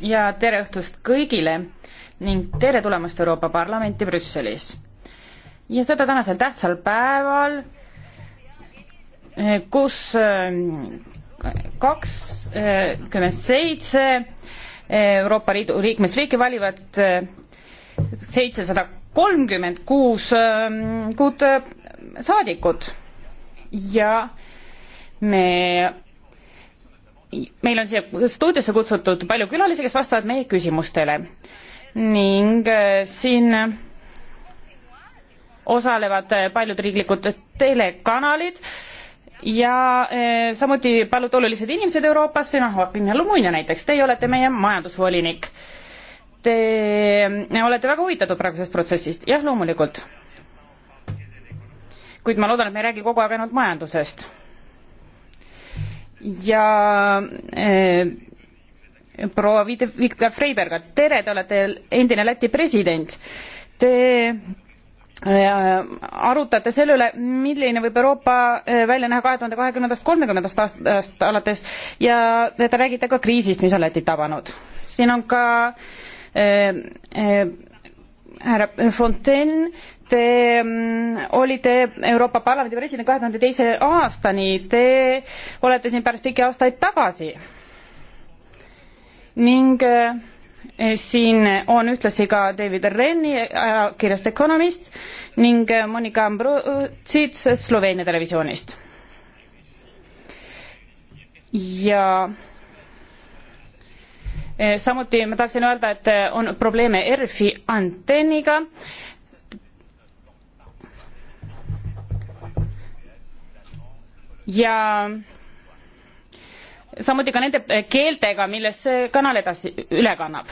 ja tere õhtust kõigile ning tere tulemast Euroopa Parlamenti Brüsselis. ja seda tänasel tähtsal päeval, eh, kus eh, kakskümmend eh, seitse Euroopa Liidu liikmesriiki valivad seitsesada kolmkümmend kuus kuud saadikut ja me meil on siia stuudiosse kutsutud palju külalisi, kes vastavad meie küsimustele ning äh, siin osalevad äh, paljud riiklikud telekanalid ja äh, samuti paljud olulised inimesed Euroopas, noh, Joaquin Almunia näiteks, teie olete meie majandusvolinik. Te olete väga huvitatud praegusest protsessist, jah, loomulikult. kuid ma loodan, et me ei räägi kogu aeg ainult majandusest ja eh, proua Viktor Freiberga, tere, te olete endine Läti president. Te eh, arutate selle üle, milline võib Euroopa eh, välja näha kahe tuhande kahekümnendast, kolmekümnendast aastast alates ja te räägite ka kriisist, mis on Lätit tabanud. siin on ka härra äh, äh, Fontaine Te mm, olite Euroopa Parlamendi president kahe tuhande teise aastani, te olete siin päris pikki aastaid tagasi. ning eh, siin on ühtlasi ka David Renni ajakirjast Economist ning eh, Monika Ambrotsits Sloveenia televisioonist. ja eh, samuti ma tahaksin öelda, et on probleeme ERFi antenniga ja samuti ka nende keeltega, milles see kanal edasi, üle kannab.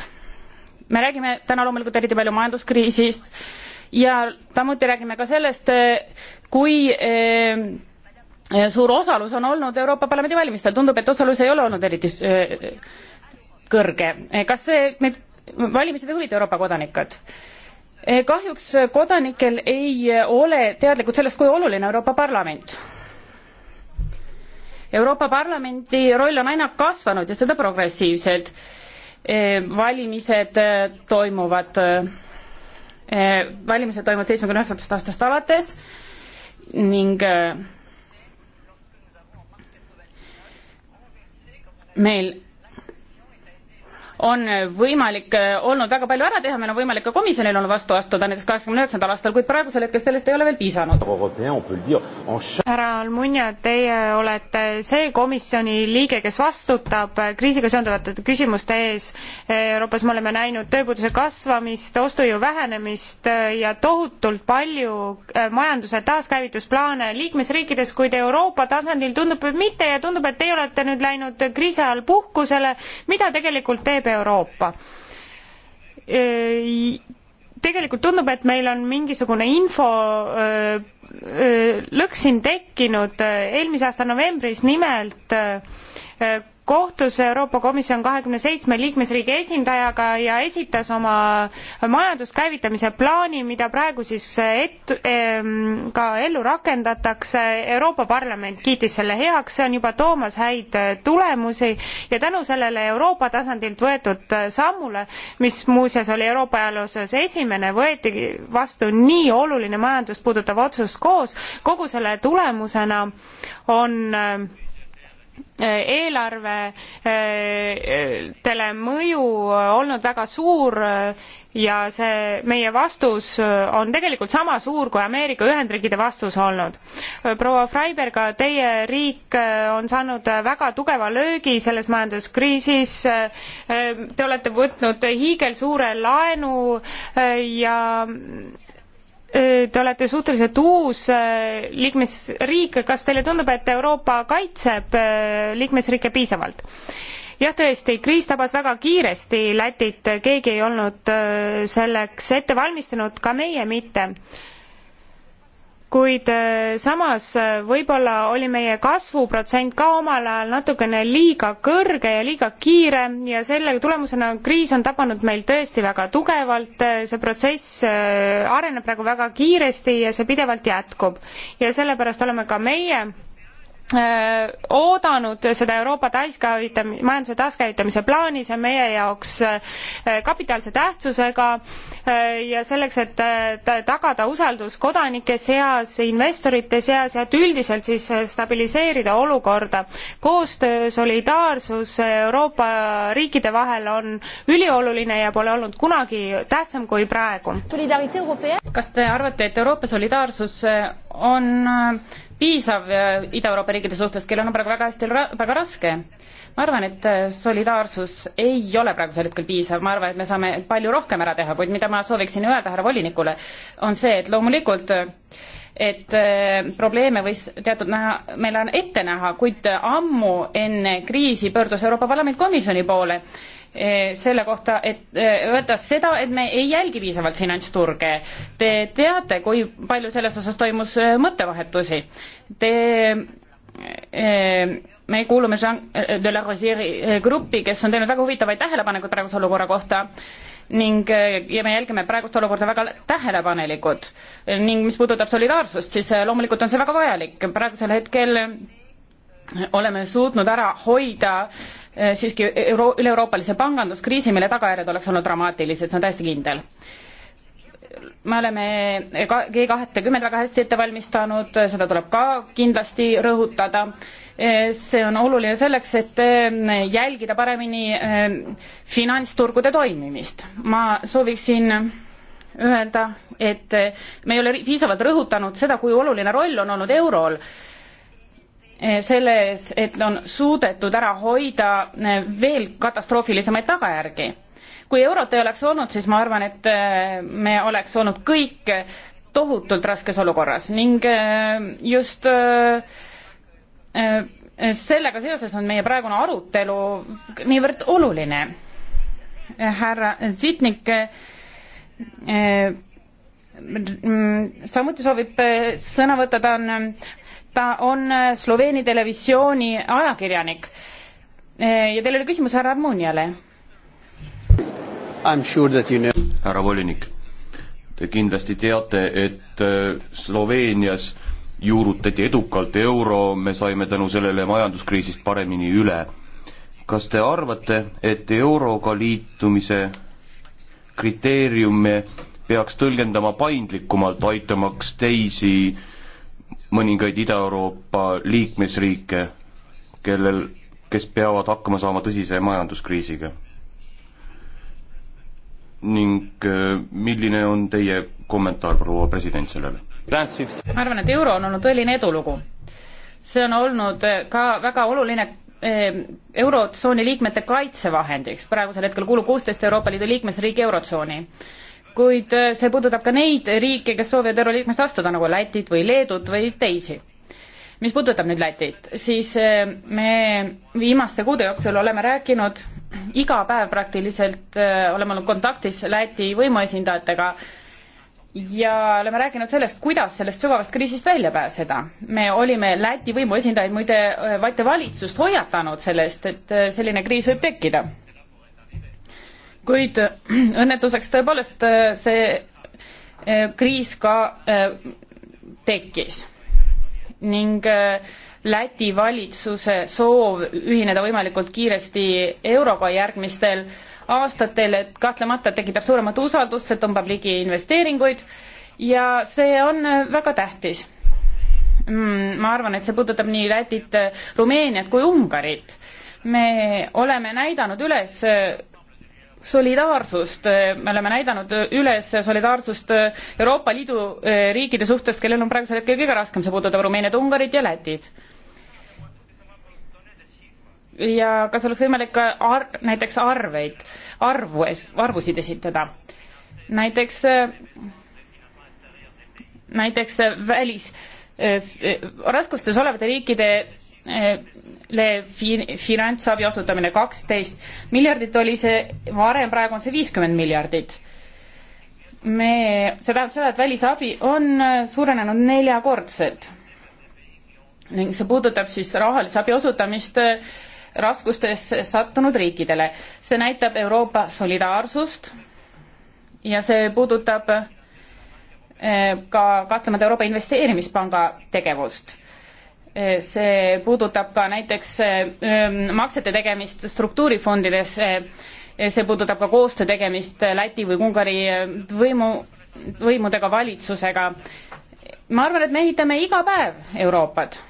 me räägime täna loomulikult eriti palju majanduskriisist ja samuti räägime ka sellest, kui eh, suur osalus on olnud Euroopa Parlamendi valimistel, tundub, et osalus ei ole olnud eriti eh, kõrge. kas see, need valimised ei huvita Euroopa kodanikud? Eh, kahjuks kodanikel ei ole teadlikud sellest, kui oluline Euroopa Parlament Euroopa Parlamendi roll on aina kasvanud ja seda progressiivselt. Eh, valimised eh, toimuvad, eh, valimised toimuvad seitsmekümne üheksandast aastast alates ning meil on võimalik äh, olnud väga palju ära teha, meil on võimalik ka komisjonil olnud vastu astuda näiteks kaheksakümne üheksandal aastal, kuid praegusel hetkel sellest ei ole veel piisanud. härra Almunia, teie olete see komisjoni liige, kes vastutab äh, kriisiga seonduvate küsimuste ees. Äh, Euroopas me oleme näinud tööpuuduse kasvamist, ostujõu vähenemist ja tohutult palju majanduse taaskäivitusplaane liikmesriikides, kuid Euroopa tasandil tundub, et mitte ja tundub, et teie olete nüüd läinud kriisi ajal puhkusele, mida tegelikult teeb teeb Euroopa e, tegelikult tundub, et meil on mingisugune info öö, e, öö, e, lõks siin tekkinud, eelmise aasta novembris nimelt öö, kohtus Euroopa Komisjon kahekümne seitsme liikmesriigi esindajaga ja esitas oma majanduskäivitamise plaani, mida praegu siis et-, ehm, ka ellu rakendatakse. Euroopa Parlament kiitis selle heaks, see on juba toomas häid tulemusi ja tänu sellele Euroopa tasandilt võetud sammule, mis muuseas oli Euroopa ajaloos esimene, võetigi vastu nii oluline majandust puudutav otsus koos, kogu selle tulemusena on ehm, eelarvetele mõju olnud väga suur ja see meie vastus on tegelikult sama suur kui Ameerika Ühendriikide vastus olnud. proua Freiberga, teie riik on saanud väga tugeva löögi selles majanduskriisis. Te olete võtnud hiigelsuure laenu ja Te olete suhteliselt uus äh, liikmesriik, kas teile tundub, et Euroopa kaitseb äh, liikmesriike piisavalt? jah, tõesti, kriis tabas väga kiiresti Lätit, keegi ei olnud äh, selleks ette valmistunud, ka meie mitte kuid eh, samas eh, võib-olla oli meie kasvuprotsent ka omal ajal natukene liiga kõrge ja liiga kiire ja selle tulemusena kriis on tabanud meil tõesti väga tugevalt, eh, see protsess areneb praegu väga kiiresti ja see pidevalt jätkub. ja sellepärast oleme ka meie Äh, oodanud seda Euroopa taaskäivitamise, majanduse taaskäivitamise plaani, see on meie jaoks äh, kapitaalse tähtsusega äh, ja selleks, et tagada usaldus kodanike seas, investorite seas ja et üldiselt siis stabiliseerida olukorda. koostöö, solidaarsus Euroopa riikide vahel on ülioluline ja pole olnud kunagi tähtsam kui praegu. kas te arvate, et Euroopa solidaarsus on piisav äh, Ida-Euroopa riikide suhtes, kellel on praegu väga hästi, väga raske. ma arvan, et äh, solidaarsus ei ole praegusel hetkel piisav, ma arvan, et me saame palju rohkem ära teha, kuid mida ma sooviksin öelda härra volinikule, on see, et loomulikult et äh, probleeme võis teatud näha, meil on ette näha, kuid ammu enne kriisi pöördus Euroopa Parlament komisjoni poole Eh, selle kohta, et eh, öelda seda, et me ei jälgi piisavalt finantsturge. Te teate, kui palju selles osas toimus eh, mõttevahetusi. Te me kuulume Jean de la Rosieri gruppi, kes on teinud väga huvitavaid tähelepanekuid praeguse olukorra kohta ning, ja me jälgime praegust olukorda väga tähelepanelikud. ning mis puudutab solidaarsust, siis loomulikult on see väga vajalik, praegusel hetkel oleme suutnud ära hoida äh, Eh, siiski euro-, üle-euroopalise panganduskriisi, mille tagajärjed oleks olnud dramaatilised, see on täiesti kindel. me oleme ka G kahtekümmend väga hästi ette valmistanud, seda tuleb ka kindlasti rõhutada, eh, see on oluline selleks, et eh, jälgida paremini finantsturgude toimimist. ma sooviksin öelda, et me ei ole piisavalt rõhutanud seda, kui oluline roll on olnud eurol Eh, selles, et on suudetud ära hoida eh, veel katastroofilisemaid tagajärgi. kui eurot ei oleks olnud, siis ma arvan, et eh, me oleks olnud kõik tohutult raskes olukorras ning just sellega seoses on meie praegune arutelu niivõrd oluline. härra Sitnik samuti soovib sõna võtta, ta on ta on äh, Sloveenia televisiooni ajakirjanik. Äh, ja teil oli küsimus härra Armoniale. Sure you know. härra volinik, te kindlasti teate, et äh, Sloveenias juurutati edukalt euro, me saime tänu sellele majanduskriisist paremini üle. kas te arvate, et euroga liitumise kriteeriume peaks tõlgendama paindlikumalt, aitamaks teisi äh, mõningaid Ida-Euroopa liikmesriike, kellel, kes peavad hakkama saama tõsise majanduskriisiga? ning äh, milline on teie kommentaar, proua president, sellele? ma arvan, et euro on olnud tõeline edulugu. see on olnud äh, ka väga oluline äh, eurotsooni liikmete kaitsevahendiks, praegusel hetkel kuulub kuusteist Euroopa Liidu liikmesriiki eurotsooni kuid äh, see puudutab ka neid riike, kes soovivad Euroliikmest astuda, nagu Lätit või Leedut või teisi. mis puudutab nüüd Lätit, siis äh, me viimaste kuude jooksul oleme rääkinud iga päev praktiliselt, äh, oleme olnud kontaktis Läti võimuesindajatega ja oleme rääkinud sellest, kuidas sellest sügavast kriisist välja pääseda. me olime Läti võimuesindajaid muide, Vate valitsust hoiatanud selle eest, et selline kriis võib tekkida kuid äh, õnnetuseks tõepoolest äh, see äh, kriis ka tekkis ning Läti valitsuse soov ühineda võimalikult kiiresti euroga järgmistel aastatel, et kahtlemata tekitab suuremat usaldust, see tõmbab ligi investeeringuid ja see on väga tähtis. Mm, ma arvan, et see puudutab nii Lätit, Rumeeniat kui Ungarit. me oleme näidanud üles solidaarsust, eh, me oleme näidanud üles solidaarsust eh, Euroopa Liidu eh, riikide suhtes, kellel on praegusel hetkel kõige raskem, see puudutab Rumeeniat, Ungarit ja Lätit. ja kas oleks võimalik ka ar-, näiteks arveid, arvu, arvusid esitada? näiteks, näiteks välis, raskustes olevate riikide finantsabi osutamine kaksteist miljardit oli see varem, praegu on see viiskümmend miljardit. me, see tähendab seda, et välisabi on suurenenud neljakordselt ning see puudutab siis rahalise abi osutamist äh, raskustesse sattunud riikidele. see näitab Euroopa solidaarsust ja see puudutab äh, ka kahtlemata Euroopa Investeerimispanga tegevust see puudutab ka näiteks ähm, maksete tegemist struktuurifondides, äh, see puudutab ka koostöö tegemist Läti või Ungari äh, võimu, võimudega, valitsusega. ma arvan, et me ehitame iga päev Euroopat.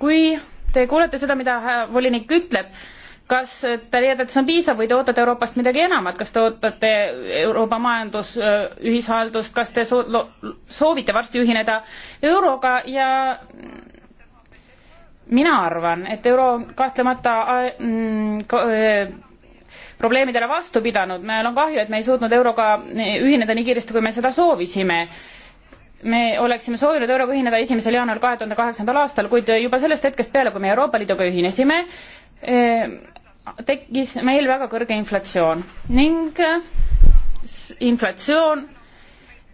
kui te kuulete seda, mida volinik ütleb, kas te leiate, et see on piisav või te ootate Euroopast midagi enamat, kas te ootate Euroopa majandus, ühishaldust, kas te soo-, soovite varsti ühineda euroga ja mina arvan, et euro on kahtlemata äh, mm, äh, probleemidele vastu pidanud, meil on kahju, et me ei suutnud euroga äh, ühineda nii kiiresti, kui me seda soovisime. me oleksime soovinud euroga ühineda esimesel jaanuaril kahe tuhande kaheksandal aastal, kuid juba sellest hetkest peale, kui me Euroopa Liiduga ühinesime, tekkis meil väga kõrge inflatsioon ning inflatsioon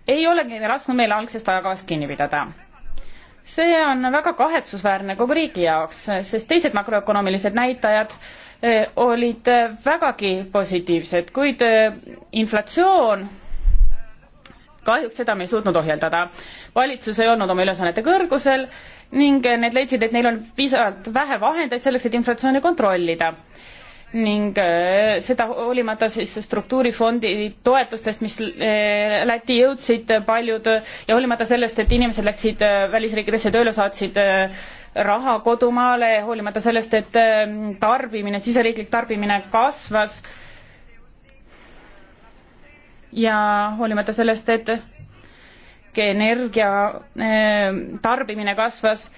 ei olegi raske meil algsest ajakavast kinni pidada see on väga kahetsusväärne kogu riigi jaoks, sest teised makroökonoomilised näitajad eh, olid eh, vägagi positiivsed, kuid eh, inflatsioon kahjuks seda me ei suutnud ohjeldada. valitsus ei olnud oma ülesannete kõrgusel ning need leidsid, et neil on piisavalt vähe vahendeid selleks, et inflatsiooni kontrollida ning äh, seda hoolimata siis struktuurifondi toetustest, mis äh, Lätti jõudsid äh, paljud ja hoolimata sellest, et inimesed läksid välisriikidesse tööle, saatsid raha kodumaale, hoolimata sellest, et ähm, tarbimine, siseriiklik tarbimine kasvas ja hoolimata sellest, et energia tarbimine kasvas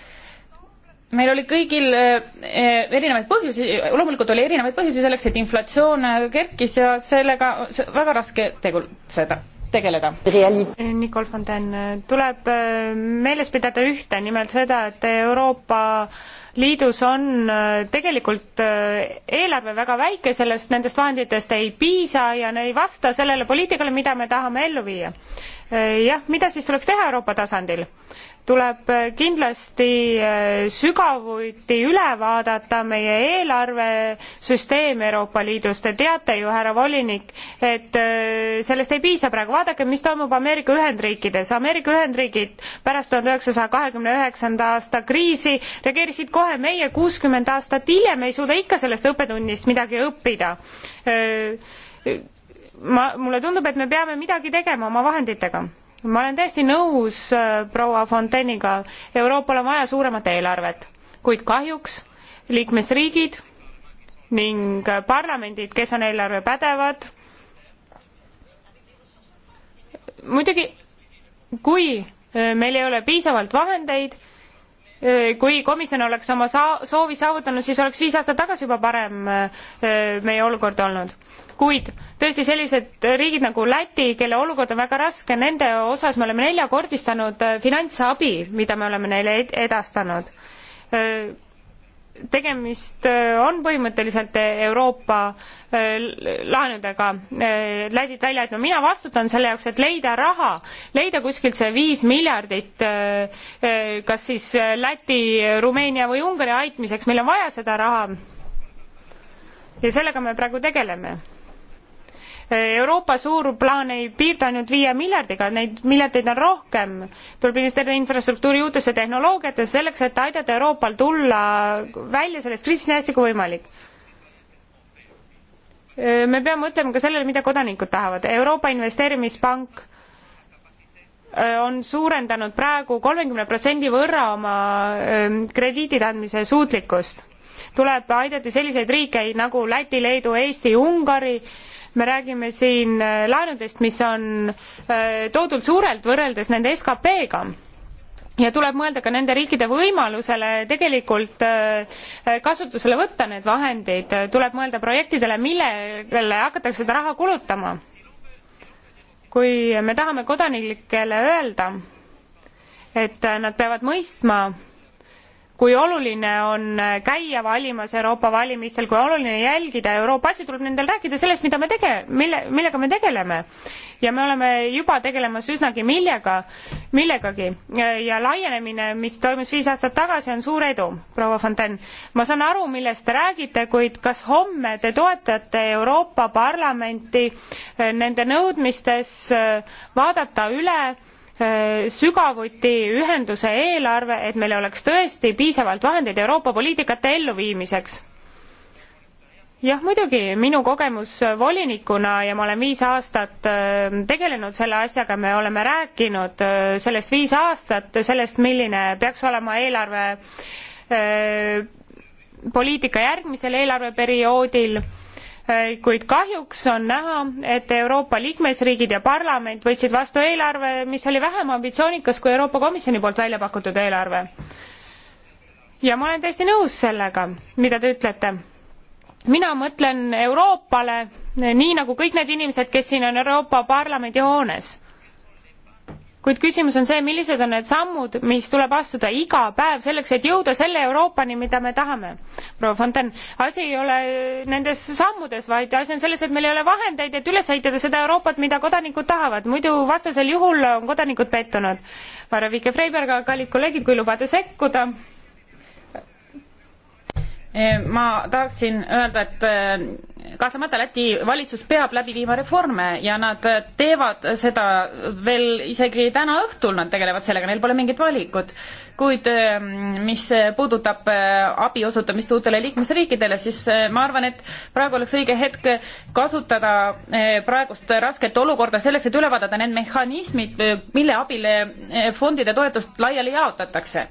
meil oli kõigil eh, eh, erinevaid põhjusi, loomulikult oli erinevaid põhjusi selleks, et inflatsioon eh, kerkis ja sellega väga raske tegutseda, tegeleda. Nicole Fontaine, tuleb meeles pidada ühte, nimelt seda, et Euroopa Liidus on tegelikult eelarve väga väike, sellest, nendest vahenditest ei piisa ja ei vasta sellele poliitikale, mida me tahame ellu viia. jah, mida siis tuleks teha Euroopa tasandil? tuleb kindlasti äh, sügavuti üle vaadata meie eelarvesüsteem Euroopa Liidus, te teate ju, härra volinik, et äh, sellest ei piisa praegu, vaadake, mis toimub Ameerika Ühendriikides, Ameerika Ühendriigid pärast tuhande üheksasaja kahekümne üheksanda aasta kriisi reageerisid kohe, meie kuuskümmend aastat hiljem ei suuda ikka sellest õppetunnist midagi õppida äh, ma, mulle tundub, et me peame midagi tegema oma vahenditega ma olen täiesti nõus äh, proua Fonteniga, Euroopal on vaja suuremat eelarvet, kuid kahjuks liikmesriigid ning parlamendid, kes on eelarvepädevad, muidugi kui äh, meil ei ole piisavalt vahendeid, äh, kui komisjon oleks oma saa-, soovi saavutanud, siis oleks viis aastat tagasi juba parem meie olukord olnud. kuid tõesti sellised riigid nagu Läti, kelle olukord on väga raske, nende osas me oleme neljakordistanud äh, finantsabi, mida me oleme neile edastanud. Äh, tegemist äh, on põhimõtteliselt Euroopa laenudega. Lätit välja, et no mina vastutan selle jaoks, et leida raha, leida kuskilt see viis miljardit, kas siis Läti, Rumeenia või Ungari aitmiseks, meil on vaja seda raha. ja sellega me praegu tegeleme Euroopa suur plaan ei piirdu ainult viie miljardiga, neid miljardeid on rohkem. tuleb investeerida infrastruktuuri uutesse tehnoloogiatesse selleks, et aidata Euroopal tulla välja sellest kriisist nii hästi kui võimalik me peame mõtlema ka sellele, mida kodanikud tahavad. Euroopa Investeerimispank äh, on suurendanud praegu kolmekümne protsendi võrra oma ähm, krediidide andmise suutlikkust. tuleb aidata selliseid riike nagu Läti, Leedu, Eesti, Ungari, me räägime siin äh, laenudest, mis on äh, toodult suurelt võrreldes nende SKP-ga ja tuleb mõelda ka nende riikide võimalusele tegelikult äh, kasutusele võtta need vahendid, tuleb mõelda projektidele, millele hakatakse seda raha kulutama. kui me tahame kodanikele öelda, et nad peavad mõistma, kui oluline on käia valimas Euroopa valimistel, kui oluline jälgida Euroopa asju, tuleb nendel rääkida sellest, mida me tege-, mille, millega me tegeleme. ja me oleme juba tegelemas üsnagi millega, millegagi ja laienemine, mis toimus viis aastat tagasi, on suur edu, proua Fontaine. ma saan aru, millest te räägite, kuid kas homme te toetate Euroopa Parlamenti eh, nende nõudmistes eh, vaadata üle Äh, sügavuti ühenduse eelarve, et meil oleks tõesti piisavalt vahendeid Euroopa poliitikate elluviimiseks jah, muidugi, minu kogemus volinikuna ja ma olen viis aastat äh, tegelenud selle asjaga, me oleme rääkinud äh, sellest viis aastat, sellest, milline peaks olema eelarve poliitika järgmisel eelarveperioodil Äh, kuid kahjuks on näha, et Euroopa liikmesriigid ja parlament võtsid vastu eelarve, mis oli vähem ambitsioonikas kui Euroopa Komisjoni poolt välja pakutud eelarve. ja ma olen täiesti nõus sellega, mida te ütlete mina mõtlen Euroopale nii nagu kõik need inimesed, kes siin on Euroopa Parlamendi hoones kuid küsimus on see, millised on need sammud, mis tuleb astuda iga päev selleks, et jõuda selle Euroopani, mida me tahame. proua Fontaine, asi ei ole nendes sammudes, vaid asi on selles, et meil ei ole vahendeid, et üles ehitada seda Euroopat, mida kodanikud tahavad, muidu vastasel juhul on kodanikud pettunud. Varro Vike-Freiberg, kallid kolleegid, kui lubate sekkuda Eh, ma tahaksin öelda, et eh, kahtlemata Läti valitsus peab läbi viima reforme ja nad eh, teevad seda veel isegi täna õhtul, nad tegelevad sellega, neil pole mingit valikut. kuid mis puudutab abi osutamist uutele liikmesriikidele, siis ma arvan, et praegu oleks õige hetk kasutada praegust rasket olukorda selleks, et üle vaadata need mehhanismid, mille abil fondide toetust laiali jaotatakse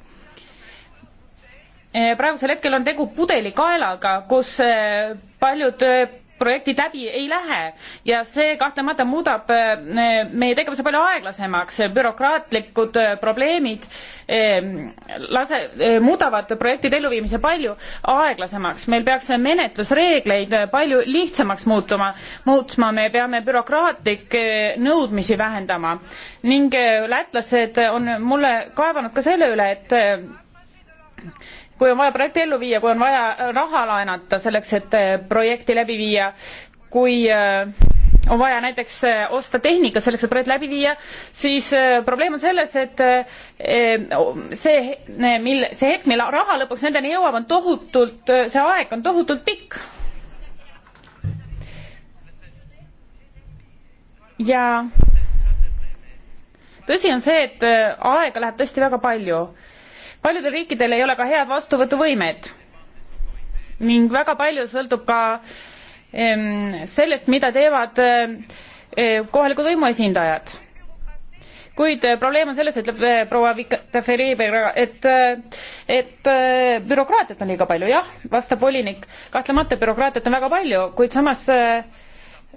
Eh, praegusel hetkel on tegu pudelikaelaga, kus eh, paljud eh, projektid läbi ei lähe ja see kahtlemata muudab meie tegevuse palju aeglasemaks, bürokraatlikud probleemid lase, muudavad projektide elluviimise palju aeglasemaks, meil peaks menetlusreegleid palju lihtsamaks muutuma, muutma, me peame bürokraatlikke nõudmisi vähendama ning lätlased on mulle kaevanud ka selle üle, et kui on vaja projekti ellu viia, kui on vaja äh, raha laenata selleks, et äh, projekti läbi viia, kui äh, on vaja näiteks osta tehnika selleks, et projekt läbi viia, siis probleem on selles, et see, mil, see hetk, mil raha lõpuks nendeni jõuab, on tohutult, see aeg on tohutult pikk. ja tõsi on see, et aega läheb tõesti väga palju paljudel riikidel ei ole ka head vastuvõtuvõimet ning väga palju sõltub ka sellest, mida teevad eh, eh, kohalikud võimuesindajad. kuid eh, probleem on selles, ütleb proua Vikataferi, et, et bürokraatiat on liiga palju, jah, vastab volinik, kahtlemata bürokraatiat on väga palju, kuid samas äh,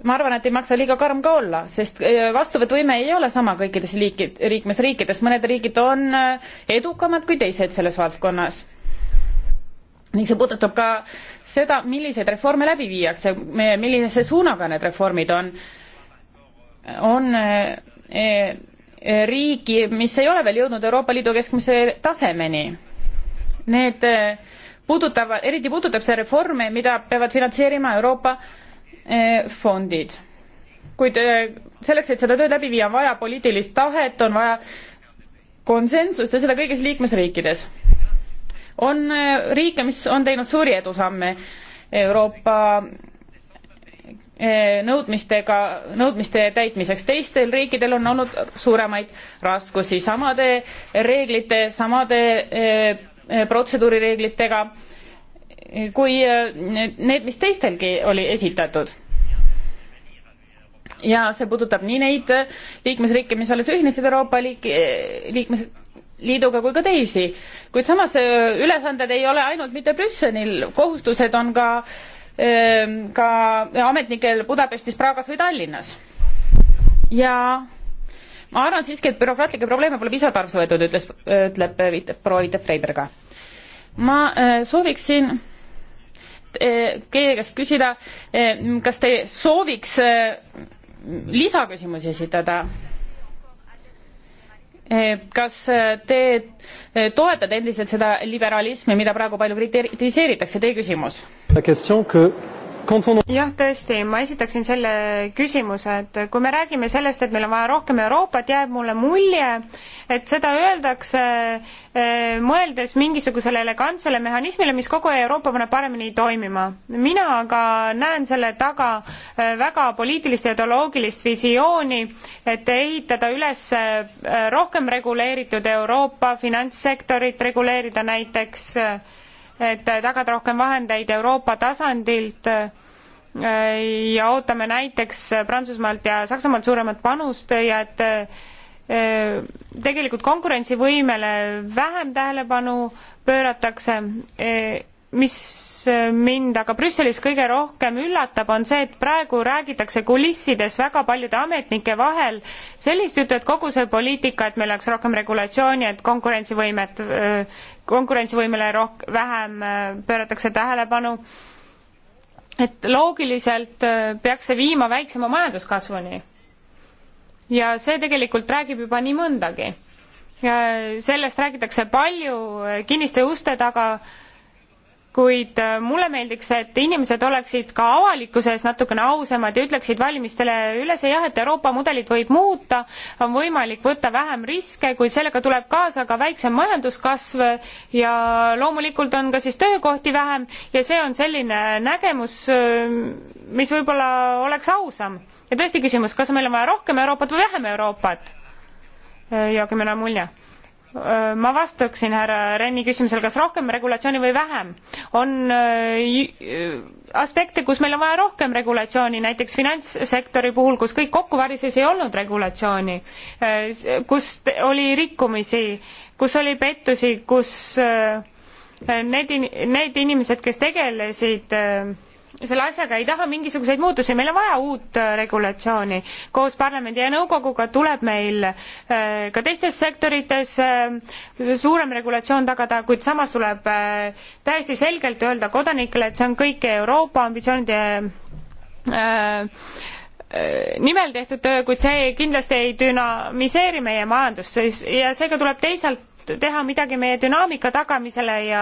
ma arvan, et ei maksa liiga karm ka olla, sest äh, vastuvõtuvõime ei ole sama kõikides liikid, liikmesriikides, mõned riigid on äh, edukamad kui teised selles valdkonnas. ning see puudutab ka seda, milliseid reforme läbi viiakse, millise suunaga need reformid on. on äh, riigi, mis ei ole veel jõudnud Euroopa Liidu keskmise tasemeni. Need puudutavad, eriti puudutab see reforme, mida peavad finantseerima Euroopa Eh, fondid. kuid eh, selleks, et seda tööd läbi viia, on vaja poliitilist tahet, on vaja konsensust ja seda kõigis liikmesriikides. on eh, riike, mis on teinud suuri edusamme Euroopa nõudmistega, nõudmiste täitmiseks. teistel riikidel on olnud suuremaid raskusi samade reeglite, samade protseduurireeglitega kui äh, need, mis teistelgi oli esitatud. ja see puudutab nii neid äh, liikmesriike, mis alles ühinesid Euroopa liik-, äh, liikmes-, liiduga kui ka teisi, kuid samas ülesanded ei ole ainult mitte Brüsselil, kohustused on ka, ähm, ka ametnikel Budapestis, Pragas või Tallinnas. ja ma arvan siiski, et bürokraatlikke probleeme pole piisavalt arvesse võetud, ütles, ütleb proua Ite Freiberga. ma sooviksin Eh, keegi käest küsida, eh, kas te sooviks eh, lisaküsimusi esitada? kas te toetate endiselt seda liberalismi, mida praegu palju kritiseeritakse, teie küsimus? jah, tõesti, ma esitaksin selle küsimuse, et kui me räägime sellest, et meil on vaja rohkem Euroopat, jääb mulle mulje, et seda öeldakse eh, mõeldes mingisugusele elegantsele mehhanismile, mis kogu Euroopa paneb paremini toimima. mina aga näen selle taga eh, väga poliitilist ja ideoloogilist visiooni, et ehitada üles eh, rohkem reguleeritud Euroopa finantssektorit, reguleerida näiteks et tagada rohkem vahendeid Euroopa tasandilt Äh, ja ootame näiteks Prantsusmaalt ja Saksamaalt suuremat panust ja et äh, tegelikult konkurentsivõimele vähem tähelepanu pööratakse. Äh, mis mind aga Brüsselis kõige rohkem üllatab, on see, et praegu räägitakse kulissides väga paljude ametnike vahel sellist juttu, et kogu see poliitika, et meil oleks rohkem regulatsiooni, et konkurentsivõimet, konkurentsivõimele roh-, vähem pööratakse tähelepanu et loogiliselt äh, peaks see viima väiksema majanduskasvuni. ja see tegelikult räägib juba nii mõndagi. sellest räägitakse palju äh, kinniste uste taga kuid äh, mulle meeldiks, et inimesed oleksid ka avalikkuse ees natukene ausamad ja ütleksid valimistele üles jah, et Euroopa mudelit võib muuta, on võimalik võtta vähem riske, kuid sellega tuleb kaasa ka väiksem majanduskasv ja loomulikult on ka siis töökohti vähem ja see on selline nägemus, äh, mis võib-olla oleks ausam. ja tõesti küsimus, kas meil on vaja rohkem Euroopat või vähem Euroopat? Äh, Joakim Enamulja ma vastaksin härra Renni küsimusele, kas rohkem regulatsiooni või vähem. on aspekte, kus meil on vaja rohkem regulatsiooni, näiteks finantssektori puhul, kus kõik kokku varises, ei olnud regulatsiooni, kus oli rikkumisi, kus oli pettusi, kus need, need inimesed, kes tegelesid selle asjaga ei taha mingisuguseid muutusi, meil on vaja uut äh, regulatsiooni. koos parlamendi ja nõukoguga tuleb meil äh, ka teistes sektorites äh, suurem regulatsioon tagada, kuid samas tuleb täiesti selgelt öelda kodanikele, et see on kõik Euroopa ambitsioonide nimel tehtud töö, kuid see kindlasti ei dünamiseeri meie majandust ja seega tuleb teisalt teha midagi meie dünaamika tagamisele ja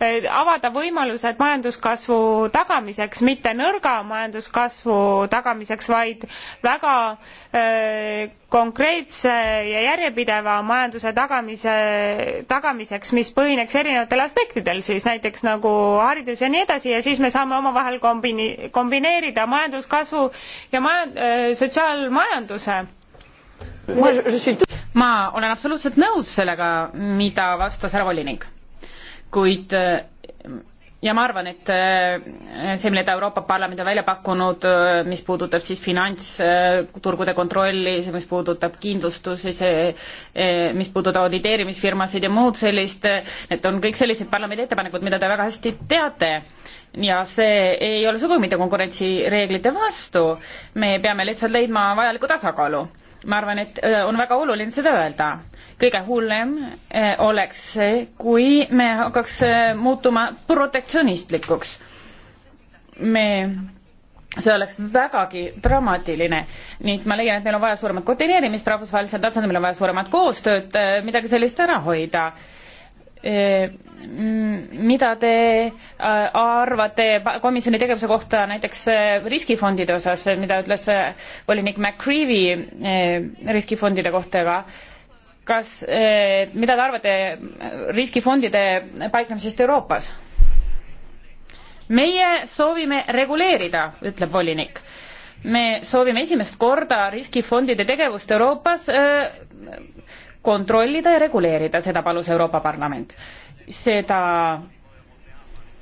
eh, avada võimalused majanduskasvu tagamiseks, mitte nõrga majanduskasvu tagamiseks, vaid väga öö, eh, konkreetse ja järjepideva majanduse tagamise, tagamiseks, mis põhineks erinevatel aspektidel siis, näiteks nagu haridus ja nii edasi ja siis me saame omavahel kombini-, kombineerida majanduskasvu ja maja-, eh, sotsiaalmajanduse ma olen absoluutselt nõus sellega, mida vastas härra volinik. kuid äh, ja ma arvan, et äh, see, mille ta Euroopa Parlament on välja pakkunud, äh, mis puudutab siis finantsturgude kontrolli, see, mis puudutab kindlustusi, see, mis puudutab auditeerimisfirmasid ja muud sellist, need on kõik sellised parlamendi ettepanekud, mida te väga hästi teate ja see ei ole sugugi mitte konkurentsireeglite vastu, me peame lihtsalt leidma vajaliku tasakaalu ma arvan, et äh, on väga oluline seda öelda. kõige hullem äh, oleks see, kui me hakkaks äh, muutuma protektsionistlikuks. me, see oleks vägagi dramaatiline. nii et ma leian, et meil on vaja suuremat koordineerimist rahvusvahelisel tasandil, meil on vaja suuremat koostööd, midagi sellist ära hoida Ehm, mida te äh, arvate komisjoni tegevuse kohta näiteks äh, riskifondide osas, mida ütles äh, volinik McCreevy riskifondide kohta, aga kas, mida te arvate riskifondide paiknemisest Euroopas? meie soovime reguleerida, ütleb volinik. me soovime esimest korda riskifondide tegevust Euroopas kontrollida ja reguleerida, seda palus Euroopa Parlament. seda,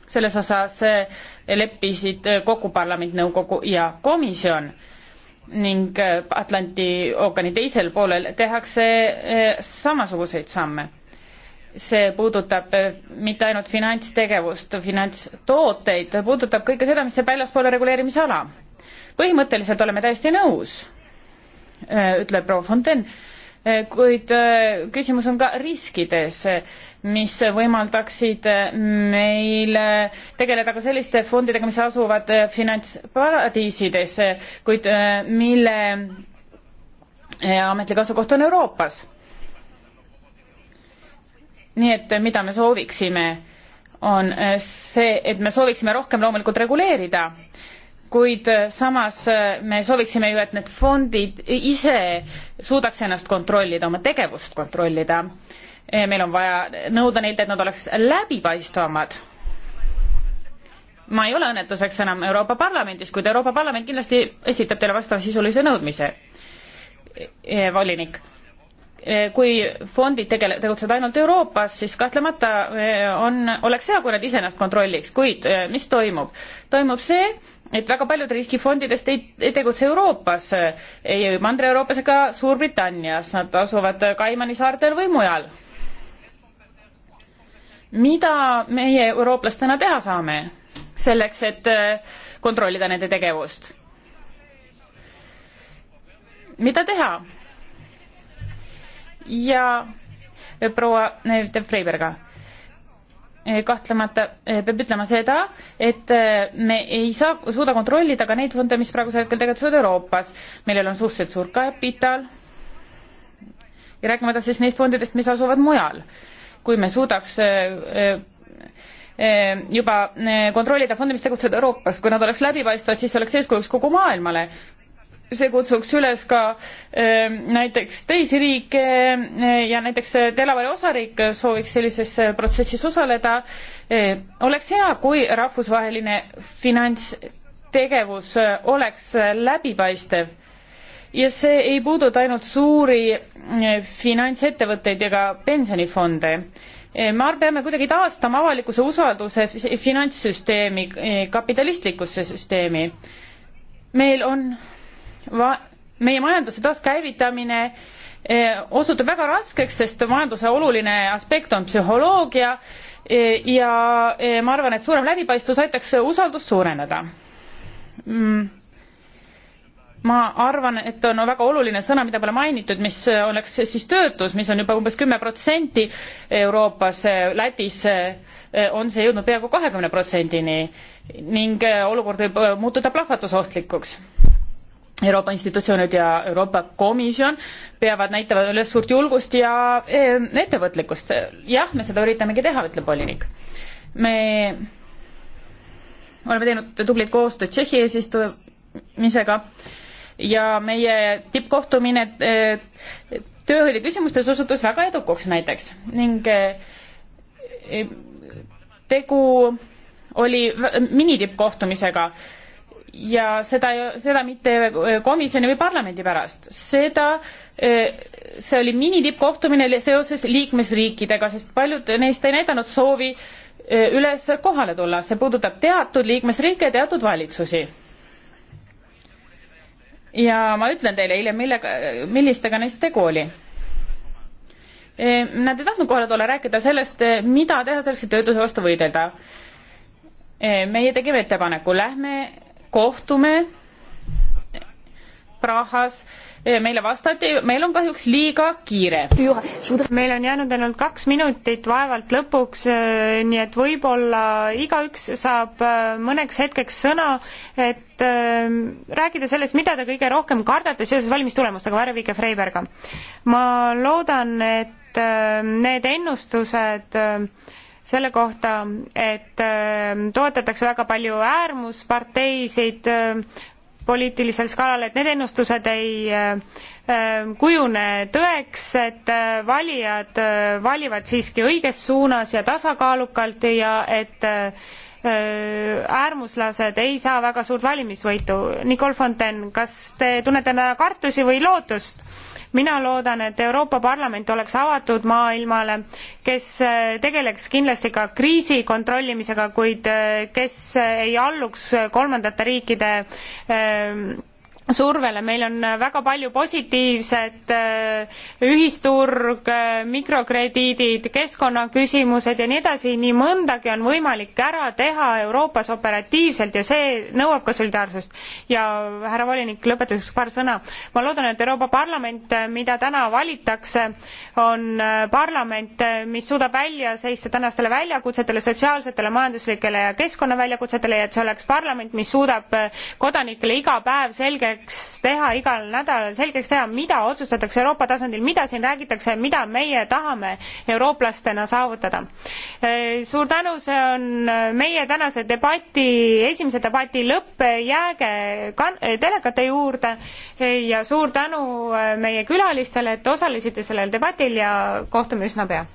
selles osas eh, leppisid eh, kokku parlament, nõukogu ja komisjon ning eh, Atlandi ookeani teisel poolel tehakse samasuguseid samme see puudutab mitte ainult finantstegevust, finantstooteid, puudutab kõike seda, mis jääb väljaspoole reguleerimisala. põhimõtteliselt oleme täiesti nõus, ütleb proua Fontaine, Eh, kuid eh, küsimus on ka riskides, eh, mis võimaldaksid meil tegeleda ka selliste fondidega, mis asuvad finantsparadiisides, kuid mille ametlik asukoht on Euroopas. nii et mida me sooviksime, on see, et me sooviksime rohkem loomulikult reguleerida kuid äh, samas äh, me sooviksime ju, et need fondid ise suudaks ennast kontrollida, oma tegevust kontrollida. Äh, meil on vaja nõuda neilt, et nad oleks läbipaistvamad. ma ei ole õnnetuseks enam Euroopa Parlamendis, kuid Euroopa Parlament kindlasti esitab teile vastavasisulise nõudmise, volinik Eh, kui fondid tegele-, tegutsevad ainult Euroopas, siis kahtlemata eh, on, oleks hea, kui nad iseennast kontrolliks, kuid eh, mis toimub? toimub see, et väga paljud riskifondidest ei, ei tegutse Euroopas, ei Mandri-Euroopas ega Suurbritannias, nad asuvad Kaimani saartel või mujal. mida meie eurooplastena teha saame selleks, et kontrollida nende tegevust? mida teha? ja eh, proua eh, Freiberga. Eh, kahtlemata peab ütlema seda, et me ei saa, suuda kontrollida ka neid fonde, mis praegusel hetkel tegutsevad Euroopas, millel on suhteliselt suur kapital ja rääkimata siis neist fondidest, mis asuvad mujal. kui me suudaks juba kontrollida fonde, mis tegutsevad Euroopas, kui nad oleks läbipaistvad, siis oleks eeskujuks kogu maailmale see kutsuks üles ka ehm, näiteks teisi riike eh, ja näiteks eh, Delaware'i osariik sooviks sellises eh, protsessis osaleda. oleks hea, kui rahvusvaheline finantstegevus oleks läbipaistev ja see ei puuduta ainult suuri finantsettevõtteid ega pensionifonde ma arvan, peame kuidagi taastama avalikkuse usalduse finantssüsteemi, kapitalistlikkusse süsteemi. meil on va-, meie majanduse taaskäivitamine eh, osutub väga raskeks, sest majanduse oluline aspekt on psühholoogia eh, ja eh, ma arvan, et suurem läbipaistvus aitaks usaldust suurendada. Mm. ma arvan, et on väga oluline sõna, mida pole mainitud, mis oleks siis töötus, mis on juba umbes kümme protsenti Euroopas, Lätis on see jõudnud peaaegu kahekümne protsendini ning olukord võib muutuda plahvatusohtlikuks Euroopa institutsioonid ja Euroopa Komisjon peavad näitama üles suurt julgust ja eh, ettevõtlikkust. jah, me seda üritamegi teha, ütleb volinik. me oleme teinud tublit koostööd Tšehhi eesistumisega ja meie tippkohtumine eh, tööhõive küsimustes osutus väga edukaks näiteks ning eh, tegu oli minitippkohtumisega ja seda, seda mitte komisjoni või parlamendi pärast, seda, eh, see oli minitippkohtumine seoses liikmesriikidega, sest paljud neist ei näidanud soovi eh, üles kohale tulla, see puudutab teatud liikmesriike ja teatud valitsusi. ja ma ütlen teile hiljem, millega, millistega neist tegu oli. Eh, nad ei tahtnud kohale tulla, rääkida sellest, mida teha selleks, et töötuse vastu võidelda meie tegime ettepaneku, lähme kohtume Prahas. meile vastati, meil on kahjuks liiga kiire. meil on jäänud ainult kaks minutit vaevalt lõpuks, eh, nii et võib-olla igaüks saab eh, mõneks hetkeks sõna, et eh, rääkida sellest, mida te kõige rohkem kardate seoses valimistulemustega, Varevike Freiberga. ma loodan, et need ennustused äh, selle kohta, et äh, toetatakse väga palju äärmusparteisid äh, poliitilisel skaalal, et need ennustused ei äh, kujune tõeks, et valijad valivad siiski õiges suunas ja tasakaalukalt ja et äärmuslased ei saa väga suurt valimisvõitu. Nicole Fontaine, kas te tunnete kartusi või lootust? mina loodan, et Euroopa Parlament oleks avatud maailmale, kes eh, tegeleks kindlasti ka kriisi kontrollimisega, kuid eh, kes eh, ei alluks kolmandate riikide survele, meil on väga palju positiivset, äh, ühisturg, äh, mikrokrediidid, keskkonnaküsimused ja nii edasi, nii mõndagi on võimalik ära teha Euroopas operatiivselt ja see nõuab ka solidaarsust. ja härra volinik, lõpetuseks paar sõna. ma loodan, et Euroopa Parlament, äh, mida täna valitakse, on parlament, mis suudab välja seista tänastele väljakutsetele, sotsiaalsetele, majanduslikele ja keskkonnaväljakutsetele ja et see oleks parlament, mis suudab kodanikele iga päev selge selgeks teha igal nädalal, selgeks teha, mida otsustatakse Euroopa tasandil, mida siin räägitakse, mida meie tahame eurooplastena saavutada. Eh, suur tänu, see on meie tänase debati, esimese debati lõpp, jääge kan-, telekate juurde eh, ja suur tänu eh, meie külalistele, et osalesite sellel debatil ja kohtume üsna pea.